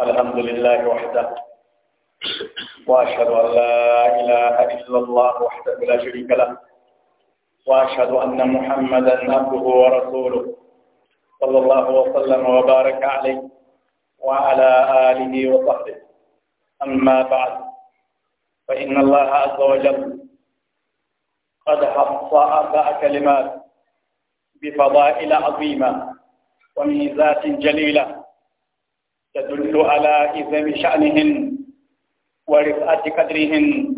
الحمد لله وحده وأشهد أن لا إله إلا الله وحده لا شريك له وأشهد أن محمدا عبده ورسوله صلى الله وسلم وبارك عليه وعلى آله وصحبه أما بعد فإن الله عز وجل قد حص أربع كلمات بفضائل عظيمة وميزات جليلة تدل على إذن شأنهن ورفعة قدرهن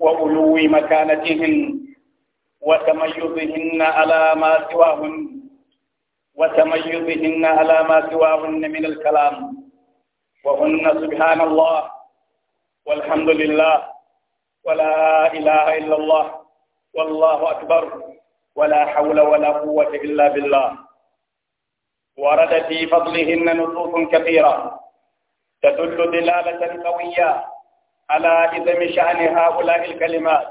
وعلو مكانتهن وتميزهن على ما سواهن وتميزهن على ما سواهن من الكلام وهن سبحان الله والحمد لله ولا إله إلا الله والله أكبر ولا حول ولا قوة إلا بالله ورد في فضلهن نصوص كثيرة تدل دلالة قوية على عدم شأن هؤلاء الكلمات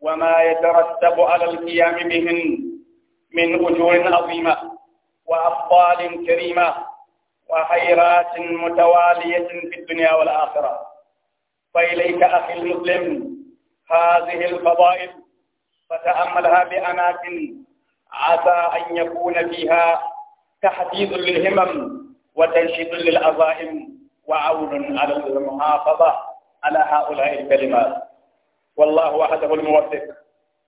وما يترتب على القيام بهن من أجور عظيمة وأفضال كريمة وخيرات متوالية في الدنيا والآخرة فإليك أخي المسلم هذه الفضائل فتأملها بأماكن عسى أن يكون فيها تحديد للهمم وتنشيط للعظائم وعون على المحافظة على هؤلاء الكلمات والله وحده الموفق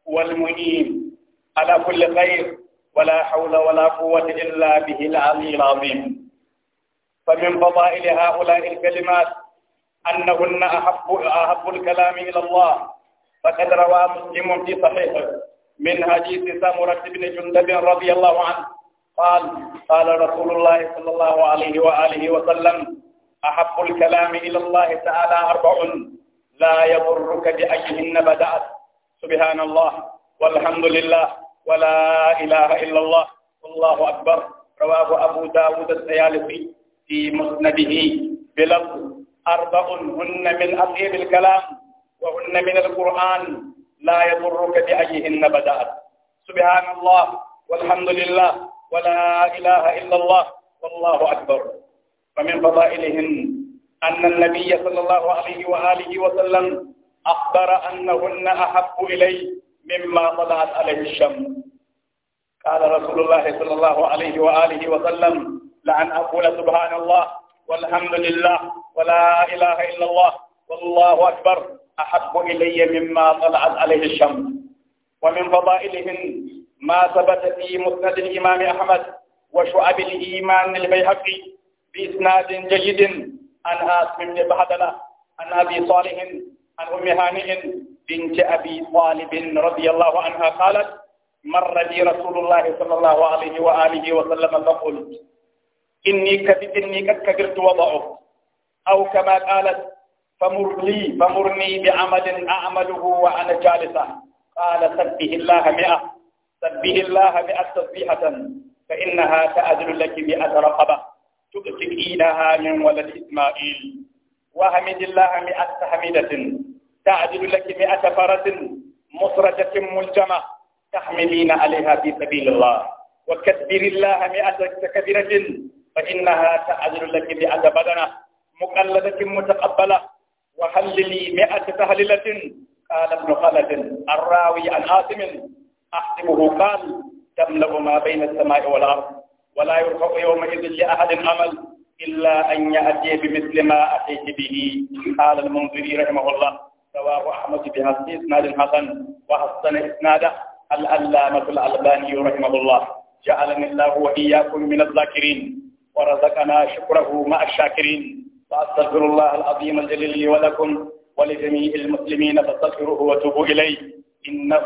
والمعين على كل خير ولا حول ولا قوة إلا به العلي العظيم فمن فضائل هؤلاء الكلمات أنهن أحب أحب الكلام إلى الله فقد روى مسلم في صحيحه من حديث سمرة بن جندب رضي الله عنه قال قال رسول الله صلى الله عليه وآله وسلم أحب الكلام إلى الله تعالى أربع لا يضرك بأيهن بدأت سبحان الله والحمد لله ولا إله إلا الله والله أكبر رواه أبو داود السيالفي في مسنده بلفظ أربع هن من أطيب الكلام وهن من القرآن لا يضرك بأيهن بدأت سبحان الله والحمد لله ولا إله إلا الله والله أكبر ومن فضائلهن أن النبي صلى الله عليه وآله وسلم أخبر أنهن أحب إلي مما طلعت عليه الشمس قال رسول الله صلى الله عليه وآله وسلم لأن أقول سبحان الله والحمد لله ولا إله إلا الله والله أكبر أحب إلي مما طلعت عليه الشمس ومن فضائلهن ما ثبت في مسند الإمام أحمد وشعب الإيمان البيهقي بإسناد جيد عن هاشم بن بهدلة عن أبي صالح عن أم هانئ بنت أبي طالب رضي الله عنها قالت مر بي رسول الله صلى الله عليه وآله وسلم فقلت إني كذب إني قد كبرت وضعه أو كما قالت فمر لي فمرني بعمل أعمله وأنا جالسة قال سبه الله مئة سبه الله مئة تسبيحة فإنها تأذن لك مئة رقبة تؤتكينها من ولد إسماعيل وحمد الله مئة حميدة تعدل لك مئة فرس مصرجة ملجمة تحملين عليها في سبيل الله وكبر الله مئة كبيرة فإنها تعدل لك مئة بدنة مقلدة متقبلة وحللي مئة تهللة قال ابن خلد الراوي عن عاصم أحسبه قال تملأ ما بين السماء والأرض ولا يرفع يومئذ لأحد عمل إلا أن يأتي بمثل ما أتيت به قال المنذري رحمه الله رواه أحمد بهذا إسناد حسن وحسن إسناده الألامة الألباني رحمه الله جعلني الله وإياكم من الذاكرين ورزقنا شكره مع الشاكرين فأستغفر الله العظيم الجليل لي ولكم ولجميع المسلمين فاستغفروه وتوبوا إليه إنه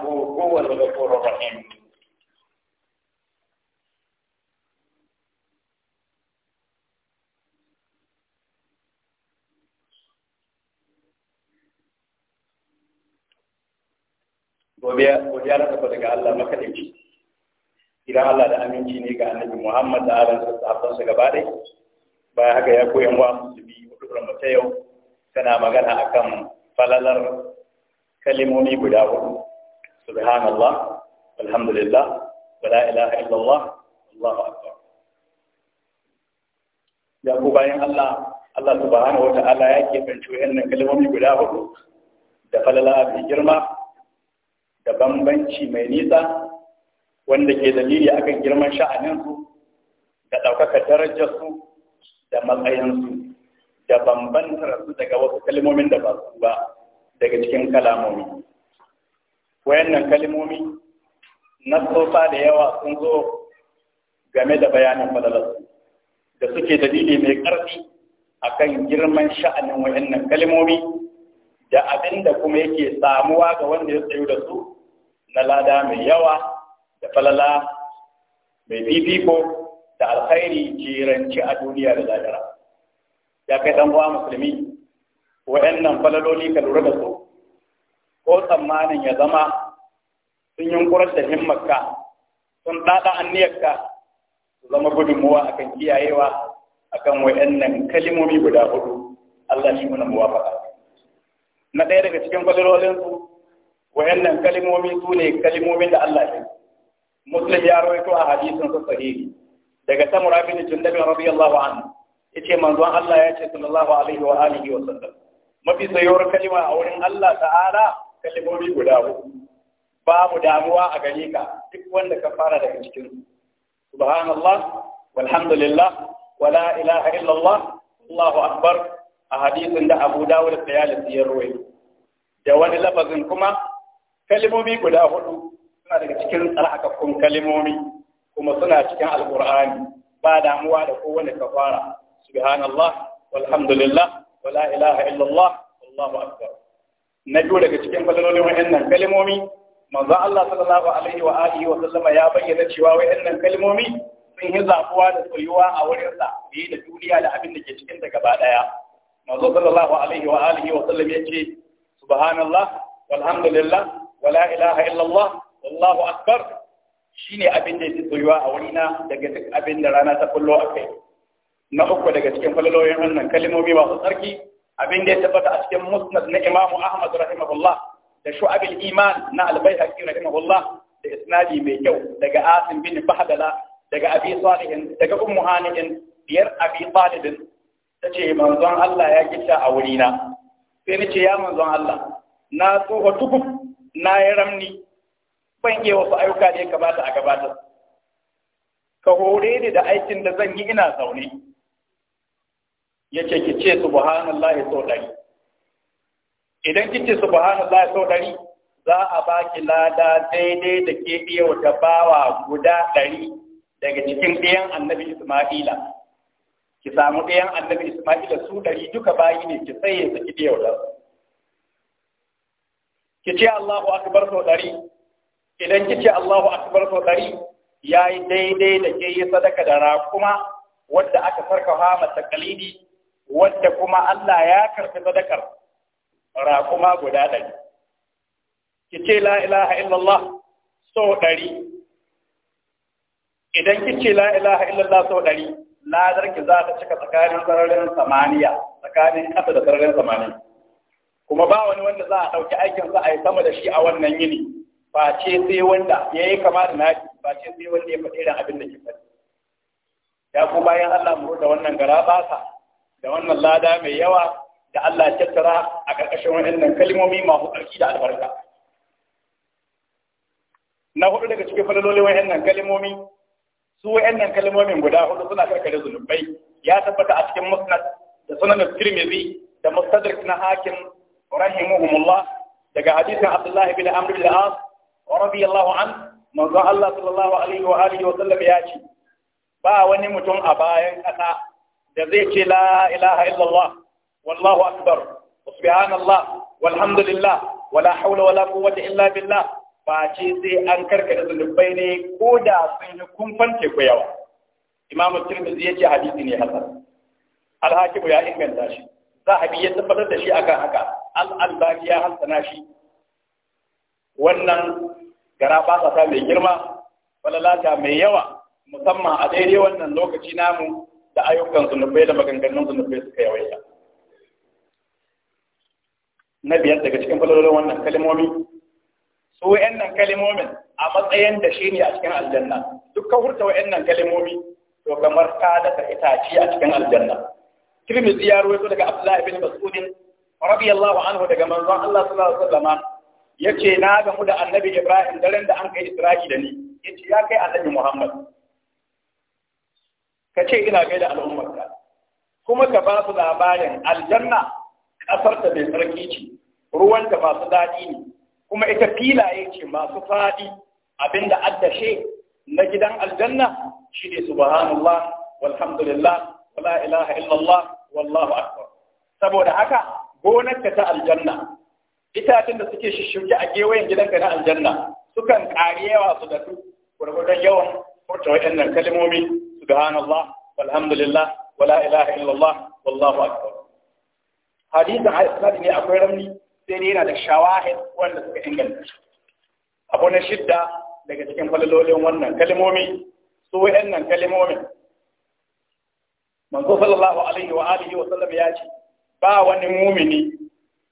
هو الغفور الرحيم godiya godiya na tafi daga Allah makadaici idan Allah da aminci ne ga annabi Muhammad da aran sa sahabban sa gaba dai bayan haka ya koyan wa musulmi hudurar mata yau tana magana akan falalar kalimomi guda hudu subhanallah alhamdulillah wala ilaha illallah Allahu akbar ya ku bayan Allah Allah subhanahu wa ta'ala ya ke fanci wayannan kalimomi guda hudu da falala bi girma da bambanci mai nisa wanda ke dalili akan girman sha'aninsu da ɗaukaka darajarsu da matsayinsu da bambantar su daga wasu kalimomin da ba su ba daga cikin kalamomi wayannan kalimomi na tsofa da yawa sun zo game da bayanin fadalarsu da suke dalili mai ƙarfi akan girman sha'anin wayannan kalimomi da abin da kuma yake samuwa ga wanda ya tsayu da su na mai yawa da falala mai fifiko da alkhairi ke jiranci a duniya da lahira ya kai dan uwa musulmi wa'annan falaloli ka lura da su ko tsammanin ya zama sun yunkurar da himmarka sun ɗaɗa anniyarka su zama gudunmuwa akan kiyayewa akan wa'annan kalimomi guda hudu Allah shi muna muwafaka na ɗaya daga cikin falalolinsu. wayannan kalmomi su ne kalmomin da Allah ya muslim ya rawaito a hadisin sa sahihi daga samura bin jundabi radiyallahu anhu yace manzon Allah ya ce sallallahu alaihi wa alihi wa sallam mafi sayuwar kalima a wurin Allah ta'ala kalmomi guda uku babu damuwa a gare ka duk wanda ka fara daga cikin subhanallah walhamdulillah wala ilaha illallah Allahu akbar a hadisin da Abu Dawud da Tayalisi ya rawaito da wani lafazin kuma kalimomi guda hudu suna daga cikin tsarkakakkun kalimomi kuma suna cikin alkur'ani ba damuwa da kowane kafara subhanallah walhamdulillah wala ilaha illallah wallahu akbar na biyu daga cikin falalolin wa'annan kalimomi manzo Allah sallallahu alaihi wa alihi wa sallama ya bayyana cewa wa'annan kalimomi sun yi zabuwa da tsoyuwa a wurin sa biye da duniya da abin da ke cikin ta gaba daya manzo sallallahu alaihi wa alihi wa sallam ya ce subhanallah walhamdulillah wala ilaha illallah wallahu akbar shine abin da yake tsoyuwa a wuri na daga duk abin da rana ta kullo a kai na uku daga cikin falalolin wannan kalmomi masu tsarki abin da ya tabbata a cikin musnad na Imam Ahmad rahimahullah da shu'abil iman na al-Baihaqi rahimahullah da isnadi mai kyau daga Asim bin Bahdala daga Abi Salih daga Ummu Hanin biyar Abi Talib tace manzon Allah ya gita a wuri na sai nace ya manzon Allah na tsoho tukuf na yi ramni ban iya wasu ayyuka da ya kamata a gabatar ka hore ni da aikin da zan yi ina zaune yake ki ce subhanallahi sau ɗari idan kice subhanallahi sau ɗari za a baki lada daidai da ke iya wata bawa guda ɗari daga cikin ɗayan annabi Ismaila ki samu ɗayan annabi Ismaila su ɗari duka bayi ne ki sai ya saki ɗaya ki ce Allahu akbar sau ɗari idan ki ce Allahu akbar sau ɗari ya yi daidai da ke yi sadaka da rakuma wadda aka sarkawa mata kalidi wadda kuma Allah ya karfi sadakar rakuma guda ɗari ki ce la ilaha illallah sau ɗari idan ki ce la ilaha illallah sau ɗari ladar ki za ta cika tsakanin sararin samaniya tsakanin ƙasa da sararin samaniya kuma ba wani wanda za a ɗauki aikin za a yi sama da shi a wannan yini ba ce sai wanda ya yi kama da naki ba ce sai wanda ya faɗi irin abin da ke faɗi ya ku bayan Allah mu da wannan gara basa da wannan lada mai yawa da Allah tattara a ƙarƙashin waɗannan kalmomi masu ƙarfi da albarka na hudu daga cikin falalolin waɗannan kalmomi su waɗannan kalmomin guda hudu suna karkare zunubai ya tabbata a cikin musnad da sunan tirmidhi da mustadrak na hakim rahimahumullah daga hadisin Abdullah bin Amr ibn al-As radiyallahu an manzo Allah sallallahu alaihi wa sallam ya ce ba wani mutum a bayan kasa da zai ce la ilaha illallah wallahu akbar subhanallah walhamdulillah wala hawla wala quwwata illa billah ba ce sai an karkada zunubai ne ko da sun yi kumfan teku yawa imam tirmidhi ya ce hadisi ne hasan al-hakim ya inganta shi sahabi ya tabbatar da shi akan haka al-albani ya halsana shi wannan gara ba mai girma falalata mai yawa musamman a daidai wannan lokaci namu da ayyukan zunubai da maganganun zunubai suka yawaita na biyar daga cikin falalolin wannan kalimomi su wa'annan kalimomin a matsayin da shi ne a cikin aljanna duk ka hurta wa'annan kalimomi to kamar ka daga itaci a cikin aljanna tirmidhi ya rawaito daga abdullahi bin mas'ud radiyallahu anhu daga manzon Allah sallallahu alaihi wasallam yace na gamu da annabi ibrahim daren da an kai isra'i da ni yace ya kai annabi muhammad ka ce ina gaida al'ummarka kuma ka ba su labarin aljanna kasar ta mai tsarki ce ruwan ta masu daɗi ne kuma ita filaye ce masu faɗi abinda addashe na gidan aljanna shine subhanallah walhamdulillah wala ilaha illallah wallahu akbar saboda haka gonarka ta aljanna itacen da suke shishirke a kewayen gidanka na aljanna sukan ƙari yawa su da su gwargwadon yawan furta waɗannan kalmomi subhanallah walhamdulillah wala ilaha illallah wallahu akbar hadisin hadisi ne akwai ramni sai ne yana da shawahid wanda suka inganta abu na shidda daga cikin falalolin wannan kalmomi su waɗannan kalmomin manzo sallallahu alaihi wa alihi wa sallam ya ce ba wani mumini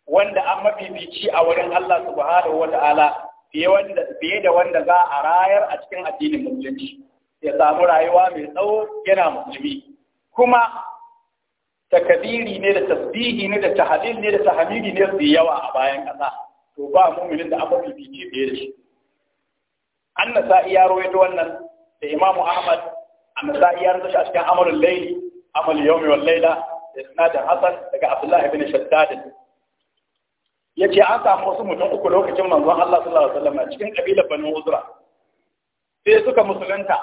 wanda an mafifici a wurin Allah subhanahu wa ta'ala fiye wanda fiye da wanda za a rayar a cikin addinin musulunci ya samu rayuwa mai tsawo yana musulmi kuma takabiri ne da tasbihi ne da tahlil ne da tahmidi ne da yawa a bayan kasa to ba mu'minin da an mafifici fiye da shi annasa'i ya rawaito wannan da imamu ahmad nasa iya rawaito shi a cikin amalul layli amal yawmi wal layla isnadin hasan daga abdullahi ibn shaddad yace an samu wasu mutum uku lokacin manzon Allah sallallahu alaihi wasallam cikin kabilar banu uzra sai suka musulunta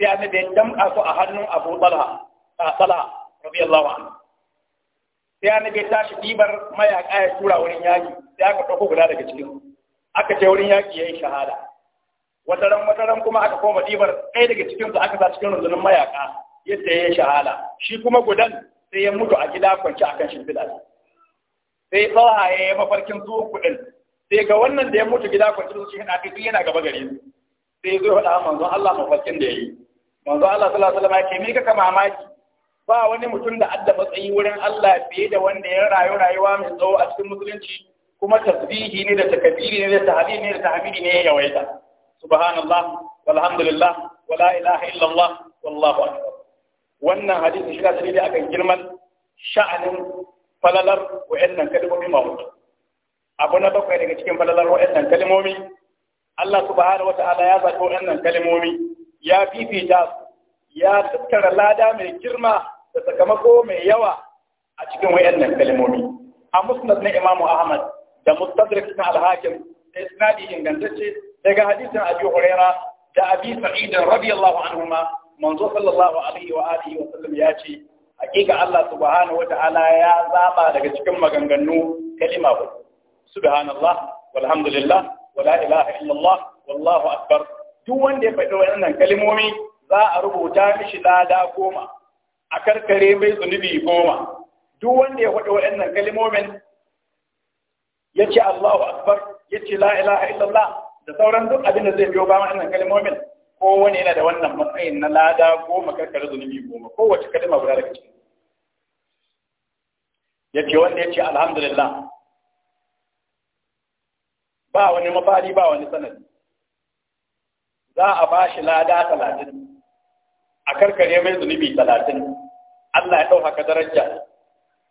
sai annabi ya damƙa su a hannun Abu Talha a Talha radiyallahu anhu sai annabi ya tashi dibar mayaka ya tura wurin yaki sai aka dauko guda daga cikin aka je wurin yaki yayi shahada wataran wataran kuma aka koma dibar ɗaya daga cikin su aka sa cikin rundunar mayaka Yadda ya saye shi kuma gudan sai ya mutu a gida kwanci akan shimfiɗa sai tsawa ya yi mafarkin zuwa kuɗin sai ga wannan da ya mutu gida kwanci su shi kai yana gaba gare su sai zai faɗa manzon Allah mafarkin da ya yi manzon Allah sallallahu alaihi wasallam ya ce me kaka mamaki ba wani mutum da adda matsayi wurin Allah fiye da wanda ya rayu rayuwa mai tsawo a cikin musulunci kuma tasbihi ne da takabiri ne da tahlil ne da tahmidi ne ya yawaita subhanallah walhamdulillah wala ilaha illallah wallahu akbar wannan hadisi shi na dalili akan girman sha'anin falalar wa'annan kalmomi mamutu abu na bakwai daga cikin falalar wa'annan kalmomi Allah subhanahu wata'ala ya zaɓi wa'annan kalmomi ya fifita su ya tattara lada mai girma da sakamako mai yawa a cikin wa'annan kalmomi a musnad na Imam Ahmad da mustadrak na al-Hakim da isnadi ingantacce daga hadisin Abi Hurairah da Abi Sa'id radiyallahu ma manzo sallallahu alaihi wa alihi wa sallam ya ce hakika Allah subhanahu wata'ala ya zaba daga cikin maganganu kalima ba subhanallah walhamdulillah wala ilaha illallah wallahu akbar duk wanda ya faɗi wannan kalmomi za a rubuta mishi lada goma a karkare mai zunubi goma duk wanda ya faɗi waɗannan kalmomin ya ce Allahu akbar ya ce la ilaha illallah da sauran duk abin da zai biyo ba wannan kalmomin Ko wani yana da wannan matsayin na lada goma karkar zunubi goma kowace kalma guda daga cikin ya ce wanda ya ce alhamdulillah ba wani mafari ba wani sanadi za a ba shi lada talatin a karkare mai zunubi talatin Allah ya ɗaukaka daraja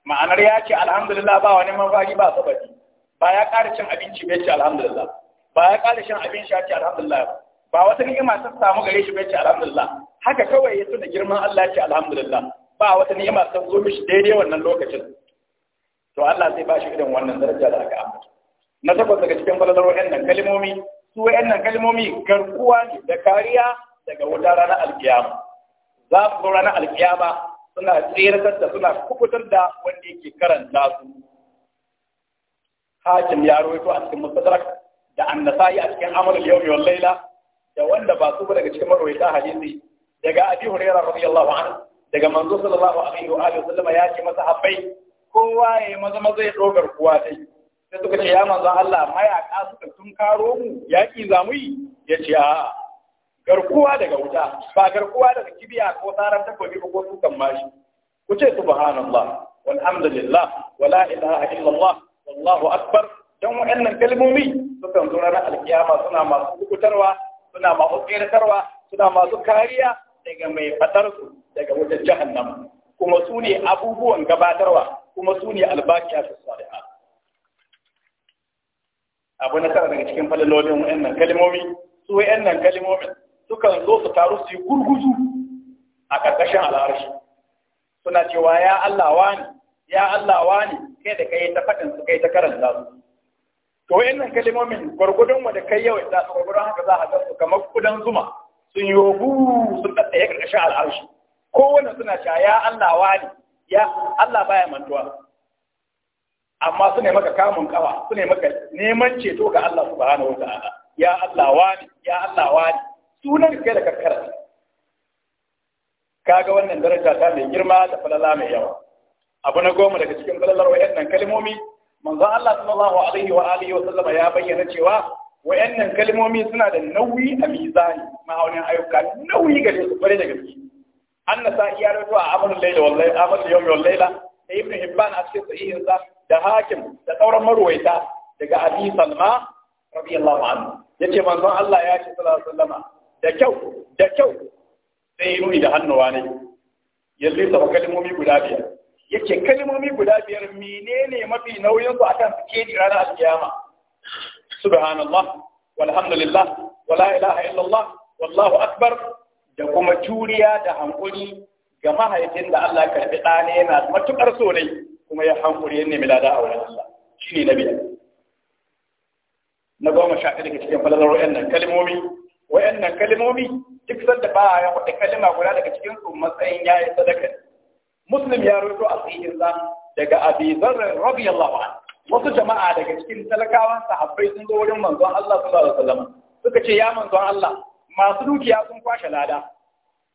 ma'anar ya ce alhamdulillah ba wani mafari ba sabari ba ya ƙara cin abinci bai ce alhamdulillah ba ya ƙara cin abinci ya ce alhamdulillah ba wata ni'ima ta samu gare shi bai ce alhamdulillah haka kawai ya tuna girman Allah ce alhamdulillah ba wata ni'ima ta zo mishi daidai wannan lokacin to Allah zai ba shi irin wannan daraja da aka ambata na takwas daga cikin falalar wa'annan kalmomi su wa'annan kalmomi garkuwa ne da kariya daga wata rana alkiyama za su zo ranar alkiyama suna tsirar da suna kubutar da wanda yake karanta su hakim ya rawaito a cikin mustadrak da annasai a cikin amalul yawmi wal laila da wanda ba su ba daga cikin marwaita hadisi daga abi huraira radiyallahu anhu daga manzo sallallahu alaihi wa alihi ya ce masa habbai kowa ya yi maza maza ya dogar kuwa sai sai suka ce ya manzo Allah mayaka suka tun karo mu yaki za yi ya ce a garkuwa daga wuta ba garkuwa daga kibiya ko tsaran takobi ko ko sukan mashi ku ce subhanallah walhamdulillah wala ilaha illallah wallahu akbar dan wa'annan kalmomi sukan zo ranar alkiyama suna masu hukutarwa suna masu tseratarwa suna masu kariya daga mai fatarsu daga wajen jahannama kuma su ne abubuwan gabatarwa kuma su ne albakiya su saliha abu na tara daga cikin falalolin nan kalimomi su wa'annan kalimomin sukan zo su taru su yi gurguzu a ƙarƙashin al'arshi suna cewa ya Allah wani ya Allah wani kai da kai ta faɗin su kai ta karanta su to wayannan kalimomin, gwargwadon wanda kai yau da gwargwadon haka za a ga su kamar kudan zuma sun yi yobu sun tsaye karkashin al'arshi kowanne suna cewa ya Allah wani ya Allah baya mantuwa amma su ne maka kamun kawa su ne maka neman ceto ga Allah subhanahu wa ta'ala ya Allah wani ya Allah wani sunan kai da kakkara kaga wannan daraja ta mai girma da falala mai yawa abu na goma daga cikin falalar wayannan kalimomi manzon Allah sallallahu alaihi wa alihi wa sallama ya bayyana cewa wayannan kalmomi suna da nauyi a mizani ma'aunin ayyuka nauyi gare su bare da gaske an nasa iya rawaito a amalin laila wallahi amalin yawmi wallaila da ibnu hibban a cikin sahihin sa da hakim da sauran marwaita daga abi salma radiyallahu anhu yace manzon Allah ya ce sallallahu alaihi wasallama da kyau da kyau sai nuni da hannuwa ne yanzu sa kalmomi guda biyar yake kalmomi guda biyar menene mafi nauyin su akan suke ni ranar alkiyama subhanallah walhamdulillah wala ilaha illallah wallahu akbar da kuma juriya da hankuri ga mahaifin da Allah karbi ɗa ne yana matukar so ne kuma ya hankuri ya nemi lada a wurin Allah shine na biyar na goma sha ɗaya daga cikin falalar wa'annan kalmomi wa'annan kalmomi duk sanda ba ya faɗi kalma guda daga cikin su matsayin yayin sadaka muslim ya rawaito a sahihinsa daga abi zarra radiyallahu wasu jama'a daga cikin talakawan sahabbai sun zo wurin manzon Allah sallallahu alaihi wasallam suka ce ya manzon Allah masu dukiya sun kwashe lada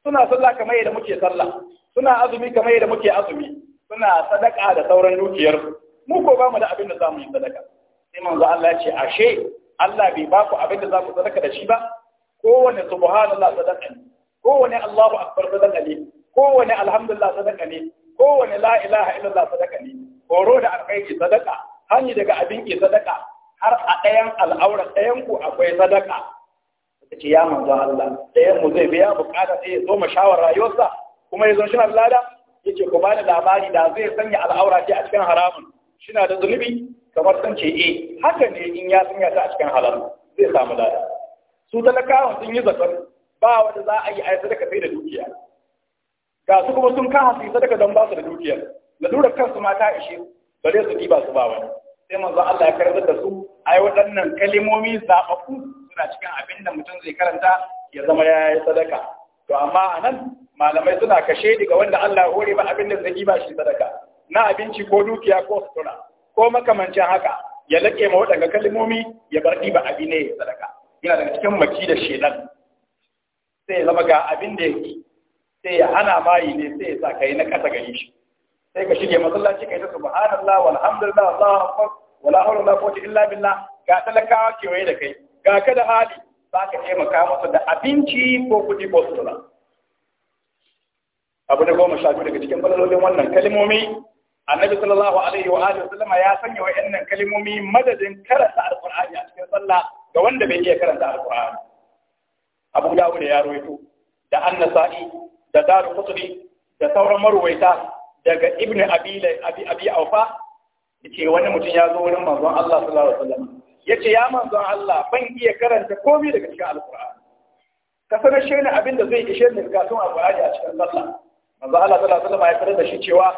suna sallah kamar yadda muke sallah suna azumi kamar yadda muke azumi suna sadaka da sauran dukiyar mu ko ba mu da abin da za mu yi sadaka sai manzo Allah ya ce ashe Allah bai ba ku abin da za ku sadaka da shi ba kowane subhanallah sadaka ne kowane Allahu akbar sadaka ne kowane alhamdulillah sadaka ne kowane la ilaha illallah sadaka ne horo da alkhairi sadaka Hanyar daga abin ke sadaka har a ɗayan al'aura ɗayan ku akwai sadaka ta ce ya manzo Allah ɗayan mu zai biya bukata sai ya zo shawar rayuwarsa kuma ya zo shi lada ya ce ku bani labari da zai sanya al'aura ce a cikin haramun shina da zunubi kamar san ce eh haka ne in ya sanya ta a cikin halal zai samu lada su talakawa sun yi zakar ba wanda za a yi a sadaka sai da dukiya ga su kuma sun kaha su sadaka don ba su da dukiyar lalurar kansu mata ishe ishe zai su ɗiba su ba wani sai manzo Allah ya karantar da su ai waɗannan kalimomi zaɓaɓɓu suna cikin abin da mutum zai karanta ya zama ya yi sadaka to amma a nan malamai suna kashe daga wanda Allah ya hore ba abin da zai ɗiba shi sadaka na abinci ko dukiya ko sutura ko makamancin haka ya laƙe ma waɗanga kalimomi ya bar diba abin ne ya sadaka yana daga cikin maki da shedan sai zama ga abin da ya sai ya hana mayi ne sai ya sa kai na kasa gari shi sai ka shige masallaci kai ta subhanallah walhamdulillah Allahu akbar wala hawla wala quwwata illa billah ga talakawa kewaye da kai ga ka da hali za ka maka masa da abinci ko kuɗi ko sutura abu da goma sha biyu daga cikin balalolin wannan kalmomi annabi sallallahu alaihi wa alihi wasallama ya sanya wa'annan kalmomi madadin karanta alqur'ani a cikin sallah ga wanda bai iya karanta alqur'ani abu dawud ya rawaito da annasa'i da daru kutubi da sauran maruwaita daga ibn abi abi abi aufa yace wani mutum ya zo wurin manzon Allah sallallahu alaihi wasallam yace ya manzon Allah ban iya karanta komai daga cikin alqur'ani ka sanar shi ne abin zai ishe ni bukatun alqur'ani a cikin sallah manzon Allah sallallahu alaihi wasallam ya karanta shi cewa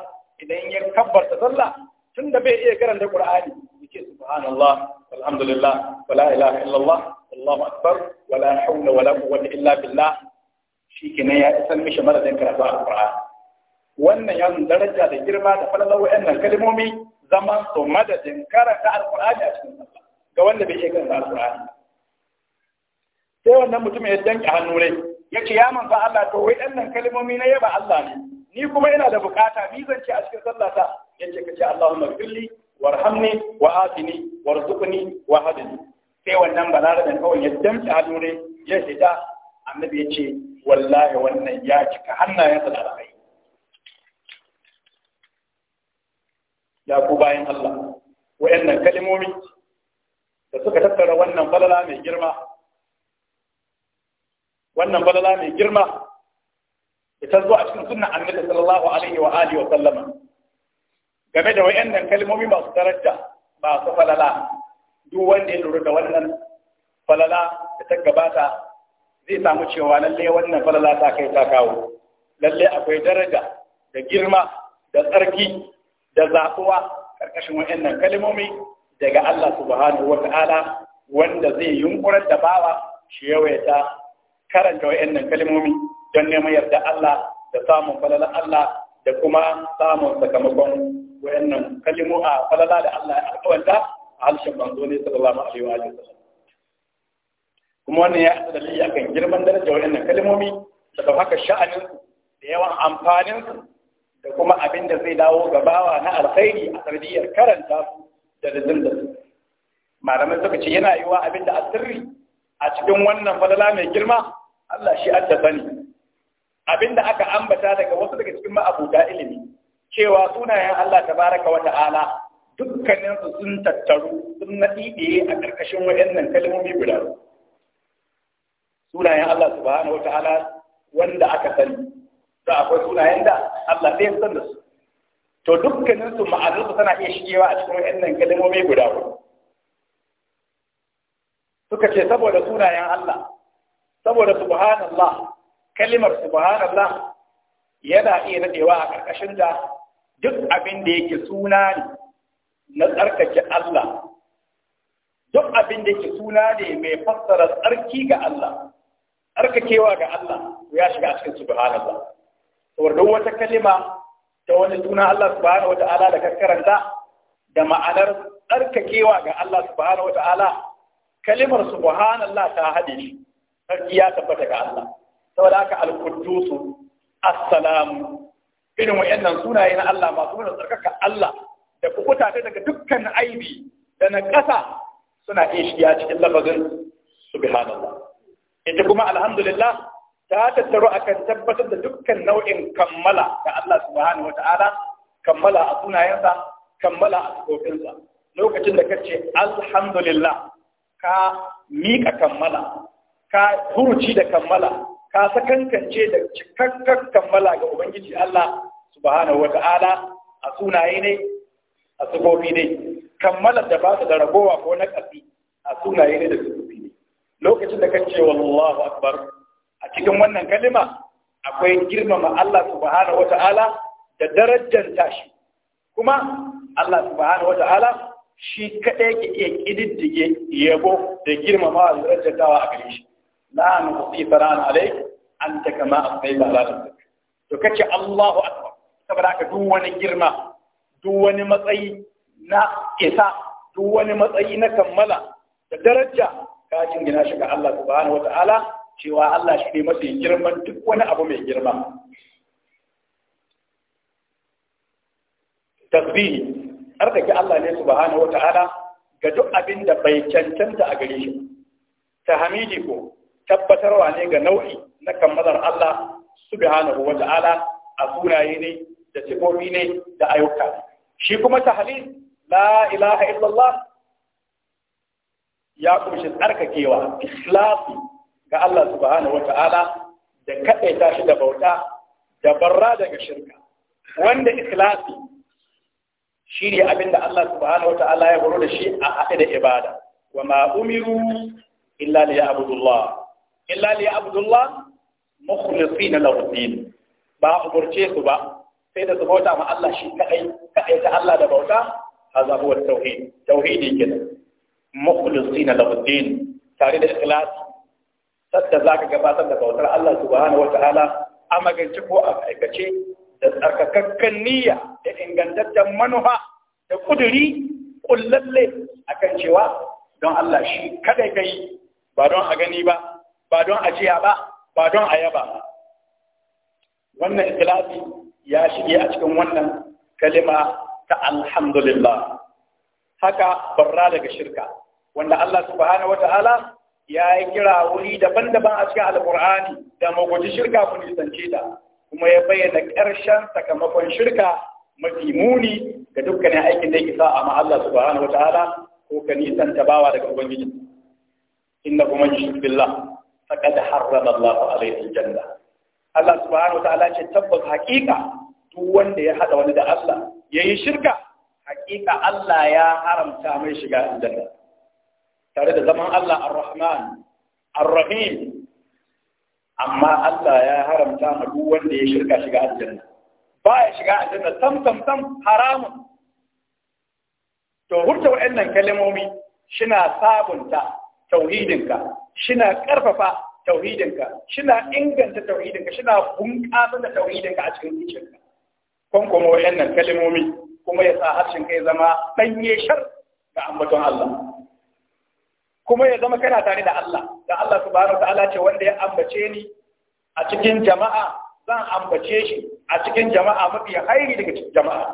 idan ya kabbarta sallah tunda bai iya karanta qur'ani yace subhanallah walhamdulillah wala ilaha illallah wallahu akbar wala hawla wala quwwata illa billah shi kenan ya isar mishi madadin karatu alqur'ani wannan ya nuna daraja da girma da falalar wa'annan kalmomi zama su madadin karanta alqur'ani a cikin sallah ga wanda bai iya karanta alqur'ani sai wannan mutum ya danke hannu ne ya ce ya manzo Allah to wa'annan kalmomi na yaba Allah ne ni kuma ina da bukata ni zan ce a cikin sallata ya ce ka ce Allahumma firli warhamni wa atini warzuqni wa hadini sai wannan balaradan kawai ya danke hannu ne ya hita annabi ya ce wallahi wannan ya cika hannayensa da alkhairi ya ku bayan Allah wayannan kalmomi da suka tattara wannan falala mai girma wannan falala mai girma ita zo a cikin sunan annabi sallallahu alaihi wa alihi wa sallama game da wayannan kalmomi masu daraja masu falala duk wanda ya lura da wannan falala da ta gabata zai samu cewa lalle wannan falala ta kai ta kawo lalle akwai daraja da girma da tsarki da zaɓuwa ƙarƙashin wa'annan kalmomi daga Allah subhanahu wa ta'ala wanda zai yunkurar da bawa shi yawaita karanta wa'annan kalmomi don neman yarda Allah da samun falala Allah da kuma samun sakamakon wa'annan kalmo a falala da Allah ya alƙawanta a harshen manzo ne sallallahu alaihi wa sallam kuma wannan ya haɗa dalili akan girman daraja waɗannan kalmomi da haka sha'anin da yawan amfanin su da kuma abin da zai dawo gabawa na alkhairi a tarbiyyar karanta su da da su malamai suka ce yana yiwa abin da asirri a cikin wannan falala mai girma Allah shi adda sani abin da aka ambata daga wasu daga cikin ma'abuta ilimi cewa sunayen Allah tabaraka wa ta'ala dukkaninsu sun tattaru sun naɗiɗe a ƙarƙashin waɗannan kalmomi guda sunayen Allah subhanahu wataala wanda aka sani da akwai sunayen da Allah ɗaya san da su to dukkanin su ma'azin su tana iya shigewa a cikin wayannan kalmomi guda huɗu suka ce saboda sunayen Allah saboda subhanallah kalimar subhanallah yana iya dadewa a ƙarƙashin da duk abin da yake suna ne na tsarkake Allah duk abin da yake suna ne mai fassara tsarki ga Allah tsarkakewa ga Allah ya shiga a cikin subhanallah saboda duk wata kalima ta wani suna Allah subhanahu wata'ala da karkaranta da ma'anar tsarkakewa ga Allah subhanahu wata'ala kalimar subhanallah ta haɗe shi sarki ya tabbata ga Allah saboda haka al-quddusu assalamu irin wayannan sunaye na Allah masu nuna tsarkaka Allah da kukuta ta daga dukkan aibi da na ƙasa suna iya shiga cikin lafazin subhanallah ita kuma alhamdulillah ta tattaru akan tabbatar da dukkan nau'in kammala da Allah subhanahu wata'ala kammala a sunayensa kammala a sifofinsa lokacin da kace alhamdulillah ka miƙa kammala ka furuci da kammala ka sakankance da cikakkar kammala ga ubangiji Allah subhanahu wata'ala a sunaye ne a sifofi ne kammala da ba su da ragowa ko na ƙafi a sunaye ne da su lokacin da ka kace wallahu akbar a cikin wannan kalima akwai girmama Allah subhanahu wata'ala da darajar tashi kuma Allah subhanahu wata'ala shi kadai ke iya kididdige yabo da girmama da darajantawa a gare shi la nuqi faran alayk anta kama asbayta ala nafsik to kace Allahu akbar saboda ka duk wani girma duk wani matsayi na isa duk wani matsayi na kammala da daraja kacin gina shi ga Allah subhanahu wata'ala cewa Allah shi ne mafi girman duk wani abu mai girma tasbihi tsarkake Allah ne subhanahu wata'ala ga duk abin da bai cancanta a gare shi ta hamidi ko tabbatarwa ne ga nau'i na kammalar Allah subhanahu wata'ala a sunaye ne da sifofi ne da ayyuka shi kuma tahlil la ilaha illallah ya kunshi tsarkakewa ikhlasi ga Allah subhanahu wata'ala da kadaita shi da bauta da barra daga shirka wanda ikhlasi shi ne abinda Allah subhanahu wata'ala ya horo da shi a haɗe da ibada wa ma umiru illa liya'budullah illa liya'budullah mukhlisina lahu din ba umurce su ba sai da su bauta ma Allah shi kadai kadai ta Allah da bauta hazabu tauhid tauhidi kenan mukhlisina lahu din tare da ikhlas sadda zaka gabatar da bautar Allah subhanahu wataala a magance ko a aikace da tsarkakakkan niyya da ingantaccen manufa da kuduri ƙullalle, akan cewa don Allah shi kada kai ba don a gani ba ba don a ciya ba ba don a yaba ba wannan ikhlasi ya shige a cikin wannan kalima ta alhamdulillah haka barra daga shirka wanda Allah subhanahu wataala ya yi kira wuri daban-daban a cikin alkur'ani da magwaji shirka kun nisance ta kuma ya bayyana ƙarshen sakamakon shirka mafi muni ga dukkanin aikin da yake sa a Allah subhanahu wataala ko ka nisanta bawa daga ubangiji inna kuma yushrik billah faqad harrama Allah alayhi aljanna Allah subhanahu wataala ce tabbas haƙiƙa duk wanda ya hada wani da Allah yayi shirka hakika Allah ya haramta mai shiga aljanna tare da zaman Allah ar-Rahman ar-Rahim amma Allah ya haramta ma duk wanda ya shirka shiga aljanna ba ya shiga aljanna sam sam sam haramun to hurta wa'annan kalmomi shina sabunta tauhidinka shina karfafa tauhidinka shina inganta tauhidinka shina bunƙasa da tauhidinka a cikin zuciyarka kon kuma wa'annan kalmomi kuma ya sa harshen kai zama ɗanye shar ga ambaton Allah kuma ya zama kana tare da Allah da Allah subhanahu ta'ala ce wanda ya ambace ni a cikin jama'a zan ambace shi a cikin jama'a mafi hairi daga cikin jama'a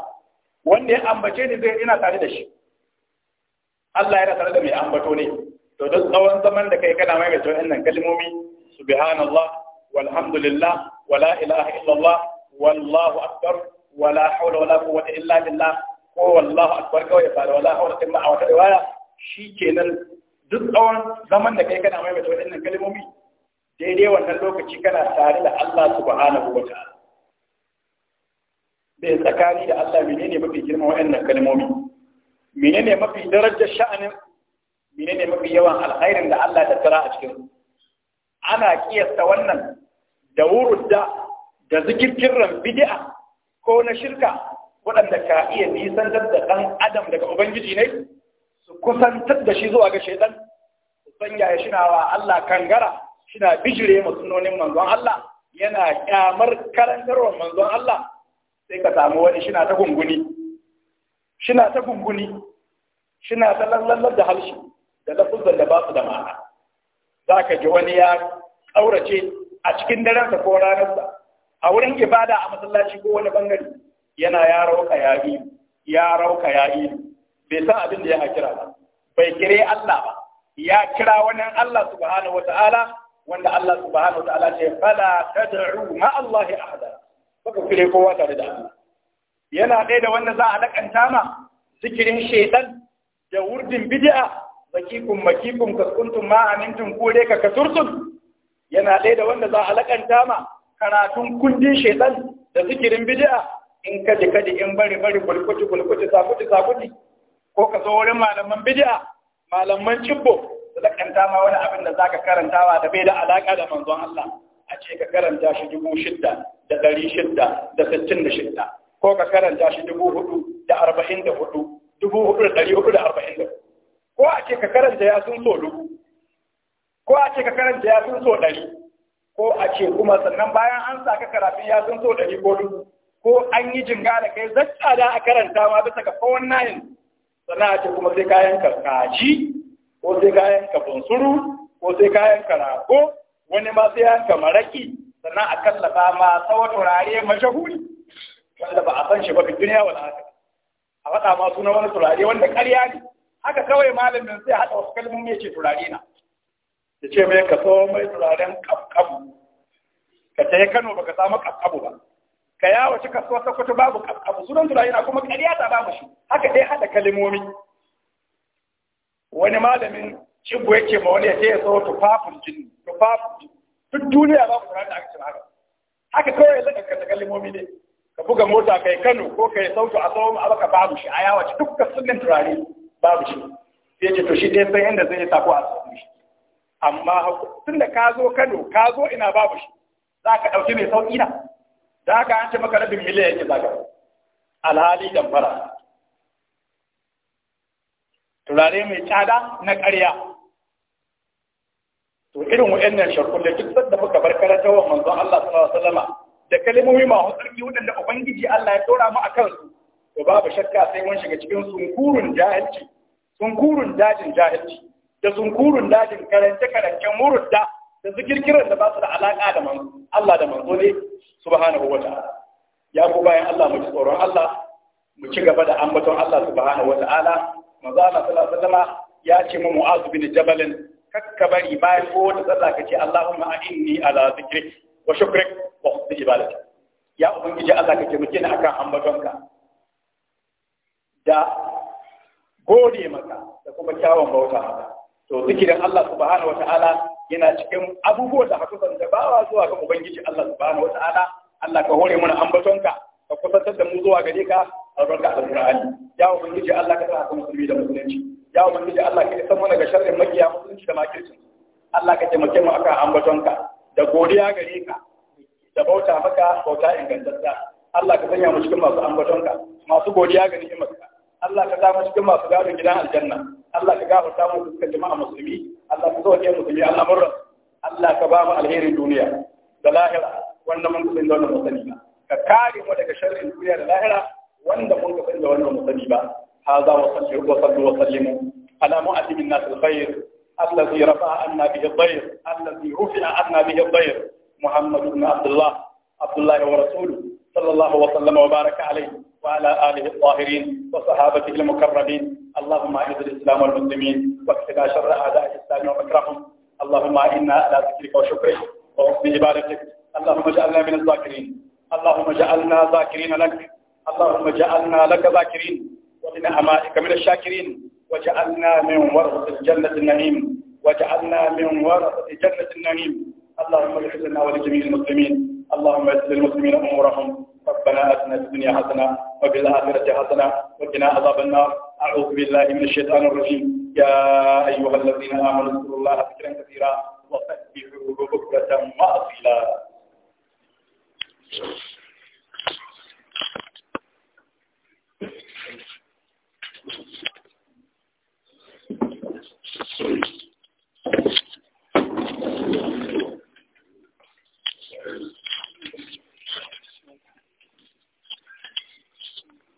wanda ya ambace ni zai ina tare da shi Allah yana tare da mai ambato ne to duk tsawon zaman da kai kana mai mai tsawon nan kalmomi subhanallah walhamdulillah wala ilaha illallah wallahu akbar wala haula wala quwwata illa billah ko wallahu akbar ya fara wala haula illa a wata riwaya shikenan duk tsawon zaman da kai kana maimaita waɗannan kalmomi daidai wannan lokaci kana tare da Allah subhanahu wa bai tsakani da Allah menene mafi girma waɗannan kalmomi menene mafi darajar sha'anin menene mafi yawan alkhairin da Allah ta tara a cikin ana kiyasta wannan da wurudda da zikirkin bid'a ko na shirka waɗanda ka iya nisantar da ɗan adam daga ubangiji ne su kusantar da shi zuwa ga shaidan su sanya ya shina wa Allah kangara shina bijire ma sunonin manzon Allah yana kyamar karantarwa manzon Allah sai ka samu wani shina ta gunguni shina ta gunguni shina ta lallallar da halshi da lafuzar da ba su da ma'ana za ka ji wani ya ƙaurace a cikin darensa ko ranarsa a wurin ibada a masallaci ko wani bangare yana ya rauka ya yi ya rauka ya yi bai san abin da ya kira ba bai kire Allah ba ya kira wannan Allah subhanahu wataala wanda Allah subhanahu wataala ce fala tad'u ma Allah ahada baka kire kowa tare da Allah yana ɗaya da wanda za a lakanta ma zikirin shaitan da wurdin bid'a makikum makikum kaskuntum ma amintum ko dai ka kasurtun yana ɗaya da wanda za a lakanta ma karatun kundin shaitan da zikirin bid'a in kaji kaji in bari bari bulkuti bulkuti sakuti sakuti ko ka zo wurin malaman bid'a malaman cibbo su lakanta ma wani abin da zaka karantawa da bai da alaka da manzon Allah a ce ka karanta shi dubu shidda da dari shidda da sittin da shidda ko ka karanta shi dubu hudu da arba'in da hudu dubu hudu da dari hudu da arba'in da hudu ko a ce ka karanta ya sun so dubu ko a ce ka karanta ya sun so ɗari ko a ce kuma sannan bayan an ka karatun ya sun so ɗari ko dubu ko an yi jinga da kai zaka da a karanta ma bisa ga fawon nayin sannan a ce kuma sai kayan ka kaji ko sai kayan ka bunsuru ko sai kayan ka rago wani ma sai kayan ka maraki sannan a kallafa ma tsawon turare mashahuri wanda ba a san shi ba fi duniya wani haka a faɗa ma suna wani turare wanda ƙarya ne haka kawai malamin sai haɗa wasu kalmomi ya ce turare na ya ce mai ka tsohon mai turaren kafkabu ka ta kano baka samu kafkabu ba ka yawo ci kasuwa sakwato babu kafkabu sunan turare na kuma ƙarya ta babu shi haka dai haɗa kalimomi wani malamin ya yake ma wani ya ce ya tsohon tufafin jini tufafin jini duk duniya babu turare da aka cin haka haka kawai zaka ka kalimomi ne ka buga mota kai kano ko kai sautu a tsawon tsohon ka babu shi a yawo duk dukkan sunan turare babu shi sai ce to shi ɗaya sai yadda zai yi sako a tsawon shi amma tun da ka zo Kano ka zo ina babu shi za ka ɗauki mai sauƙi na da haka an ce maka rabin miliyan yake zaka alhali damfara turare mai tsada na ƙarya to irin wa'annan sharkun da duk sanda muka bar wa manzon Allah sallallahu alaihi wasallama da kalmomi masu tsarki waɗanda ubangiji Allah ya tora mu akan su to babu shakka sai mun shiga cikin sunkurun jahilci sunkurun dajin jahilci da sunkurun dajin karance karancen murudda da zikirkiran da ba su da alaka da manzo Allah da manzo ne subhanahu wa ta'ala ya ku bayan Allah mu tsoron Allah mu ci gaba da ambaton Allah subhanahu wa ta'ala manzo Allah sallallahu alaihi wasallam ya ce mu mu'az bin jabal kakkabari bayan ko da sallah kace Allahumma inni ala zikrik wa shukrik wa husni ibadatik ya ubangiji Allah kake mu kina akan ambatonka da gode maka da kuma kyawun bauta maka to zikirin Allah subhanahu wataala yana cikin abubuwa da hakukan da bawa zuwa ga ubangiji Allah subhanahu wataala Allah ka hore mana ambatonka ka kusantar da mu zuwa gare ka albarka da Qur'ani ya ubangiji Allah ka sa mu musulmi da musulunci ya ubangiji Allah ka isa mana ga sharrin makiya musulunci da makirci Allah ka taimake mu akan ambatonka da godiya gare ka da bauta maka bauta ingantacciya Allah ka sanya mu cikin masu ambatonka masu godiya ga ni'imarka Allah ka sa mu cikin masu gadon gidan aljanna Allah ka gafarta mu dukkan jama'a musulmi Allah ka sauke musulmi al'amuran Allah ka ba mu alherin duniya da lahira wanda mun kusa da wannan musulmi ba ka kare mu daga sharrin duniya da lahira wanda mun kusa da wannan musani ba هذا وصلوا وصلوا وسلموا على مؤدب الناس الخير الذي رفع عنا به الضير الذي رفع عنا به الضير محمد بن عبد الله عبد الله ورسوله صلى الله وسلم وبارك عليه وعلى آله الطاهرين وصحابته المكرمين اللهم أعز الإسلام والمسلمين واكفنا شر أعداء الإسلام ومكرهم اللهم إنا على ذكرك وشكرك وحسن عبادتك اللهم اجعلنا من الذاكرين اللهم اجعلنا ذاكرين لك اللهم اجعلنا لك ذاكرين ومن أمائك من الشاكرين وجعلنا من ورثة الجنة النعيم وجعلنا من ورثة جنة النعيم اللهم اغفر لنا ولجميع المسلمين اللهم اجعل للمسلمين أمورهم ربنا آتنا في الدنيا حسنة وفي الآخرة حسنة وقنا عذاب النار أعوذ بالله من الشيطان الرجيم يا أيها الذين آمنوا اذكروا الله ذكرا كثيرا وسبحوه بكرة وأصيلا Thank you.